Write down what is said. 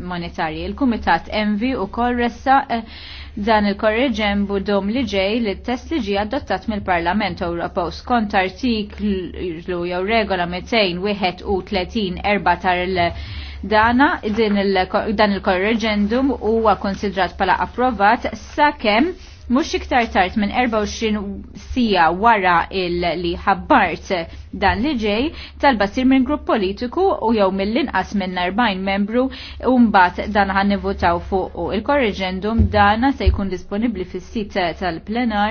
monetarji. Il-Kumitat Envi u kol ressa eh, dan il ġembu dom li ġej li test li ġi adottat mill-Parlament Ewropew skont artiklu jew regola 231-4 tar il-dana dan il-korreġendum huwa konsidrat pala approvat sakemm Mux iktar tard minn 24 sija wara il-li ħabbart dan li ġej talba sir minn grupp politiku u jew mill-inqas minn 40 membru u mbagħad dan ħannivutaw nivutaw fuq il-korreġendum dana se jkun disponibbli fis-sit tal-plenari